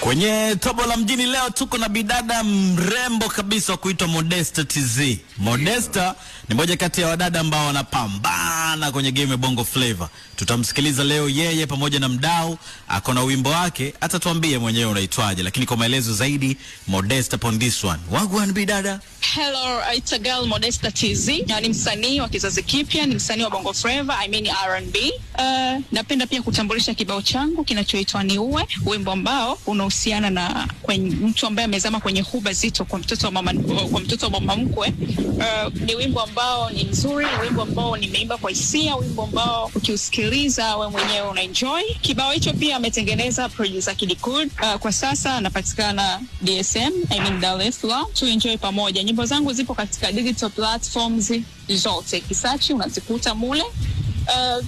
Kwenye tobo la mjini leo tuko na bidada mrembo kabisa wa kuitwa Modesta TZ. Modesta ni moja kati ya wadada ambao wanapambana kwenye game ya Bongo Flava. Tutamsikiliza leo yeye pamoja na mdau, ako na wimbo wake, atatuambie mwenyewe unaitwaje, lakini kwa maelezo zaidi Modesta pon this one. Wagwan bidada. Hello, it's a girl Modesta TZ. Ni msanii wa kizazi kipya, ni msanii wa Bongo Flava, I mean R&B. Uh, napenda pia kutambulisha kibao changu kinachoitwa Niue, wimbo ambao unahusiana na kwenye, mtu ambaye amezama kwenye huba zito kwa mtoto wa mama, kwa mtoto wa mama mkwe. Uh, ni wimbo ambao ni mzuri, wimbo ambao nimeimba kwa hisia, wimbo ambao ukiusikiliza we mwenyewe una enjoy. Kibao hicho pia ametengeneza producer Kid Uh, eh, kwa sasa anapatikana DSM, I mean Dar es Salaam. Tu enjoy pamoja. Nyimbo zangu zipo katika digital platforms zote, kisachi unazikuta mule. Uh,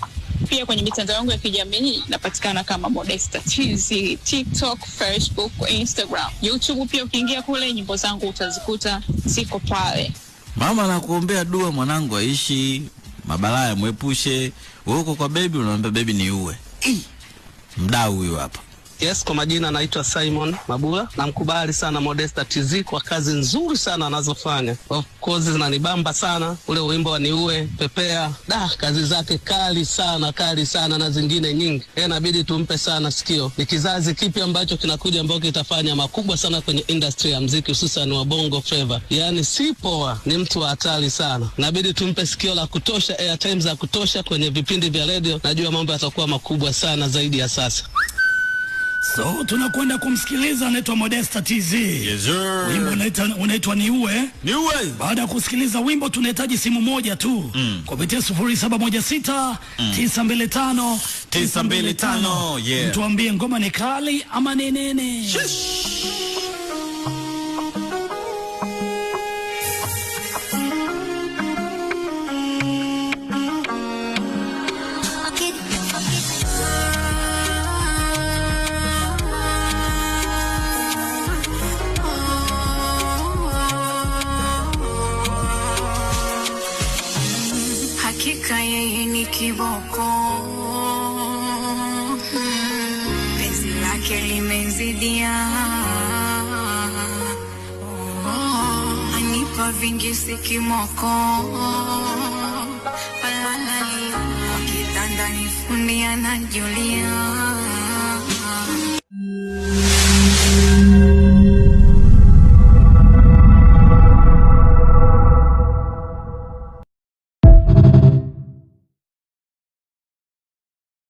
pia kwenye mitandao yangu ya kijamii napatikana kama Modesta tz TikTok, Facebook, Instagram, YouTube. Pia ukiingia kule nyimbo zangu utazikuta ziko pale. Mama nakuombea dua, mwanangu aishi, mabalaya mwepushe uko kwa bebi, unaambia bebi uwe Mdau huyu hapa. Yes, kwa majina naitwa Simon Mabula. Namkubali sana Modesta TZ kwa kazi nzuri sana anazofanya. Of course zinanibamba sana, ule wimbo wa niue pepea, da kazi zake kali sana kali sana, na zingine nyingi. Yeye eh, inabidi tumpe sana sikio. Ni kizazi kipi ambacho kinakuja ambao kitafanya makubwa sana kwenye industry ya mziki hususan wa bongo flava. Yaani si poa, ni mtu wa hatari sana, inabidi tumpe sikio la kutosha, airtime za kutosha kwenye vipindi vya redio. Najua mambo yatakuwa makubwa sana zaidi ya sasa. So tunakwenda kumsikiliza anaitwa Modesta TZ. Yes Wimbo unaitwa unaitwa Niue. Niue. Baada ya kusikiliza wimbo tunahitaji simu moja tu mm. kupitia 0716 mm. 925 925. Yeah. Mtuambie ngoma ni kali ama ni nene. Shish. hakika yeye ni kiboko. Penzi hmm, lake limezidia oh, anipa vingi palalali wakitanda nifunia na Julia